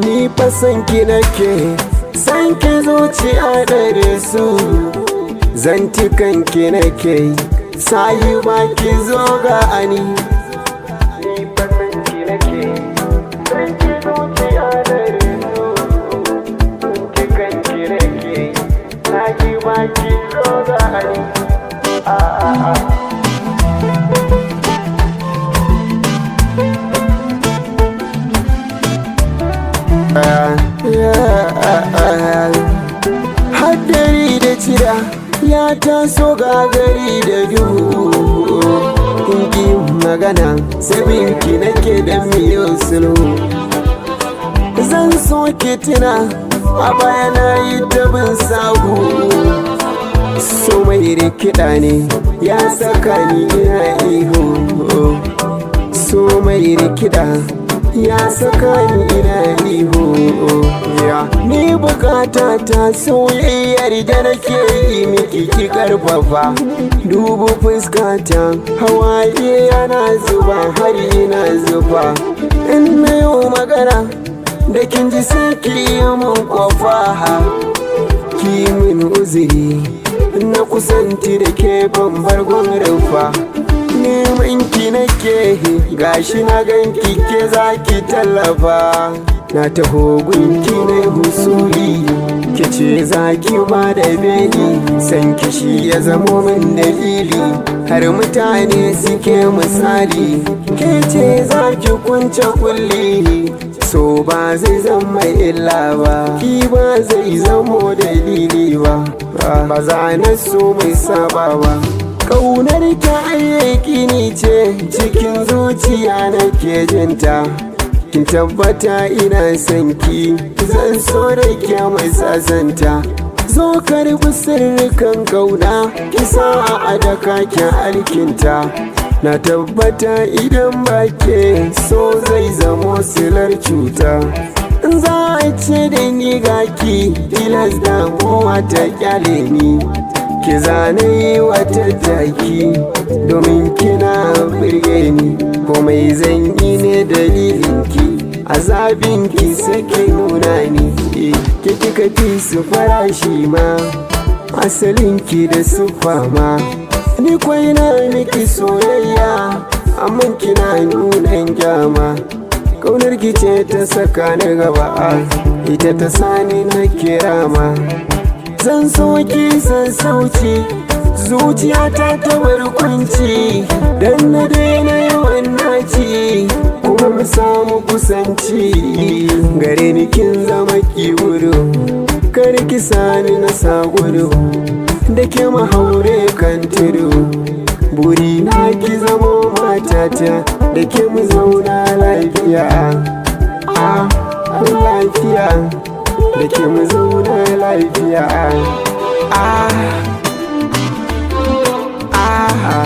Ni fa san ki nake san ki zuciya dare su zanti kanki nake sayi ba ki zo ga ani na ki maki dogari Haddari da cira ya taso gagari da duhu Kunki magana sabinki nake da miyo sulhu Zan so ki tuna a baya na yi dabin sagu so mai rikida ne ya saka ni ina ihu so mai rikida ya saka ni ina ihu ni bukata ta soyayyar da nake yi miki ki karfafa dubu fuskata hawaye yana zuba har ina zuba in na magana da kin ji sai ki mun kofa ki min uzuri na kusanci da ke ban bar rufa neman ki gashi na ganki ke zaki tallafa na taho gunki na husuri ki ce zaki ba da beli san kishi ya zamo min dalili har mutane suke misali ke ce zaki kunce kulli so ba zai zama illa ba ki ba zai zamo dalili ba ba za na so mai saba ba kaunar ta ayyaki ni ce cikin zuciya na ke jinta kin tabbata ina son ki zan so da ke mai sasanta zo karbi sirrikan kauna kisa a adaka ke alkinta na tabbata idan ba so zai zamo silar cuta za a ce da ni gaki tilas kowa ta kyale ni ki zane wata taki domin kina birge ni komai zan yi ne dalilinki azabinki sake nuna ni eh, ki kika fi su farashi ma asalinki da ma. ni kwai na miki soyayya amman kina nunan gyama kaunar ce ta saka ni gaba ita ta sani na kirama zan sauki zan sauci zuciyata ta kunci dan na daina yawan naci kuma mu samu kusanci gare ni kin zama ki kiwuro karki sani na sagwado da ke mahaure kan tudu buri na ki zamo matata da ke mu zauna lafiya a lafiya da ke mu zauna lafiya a a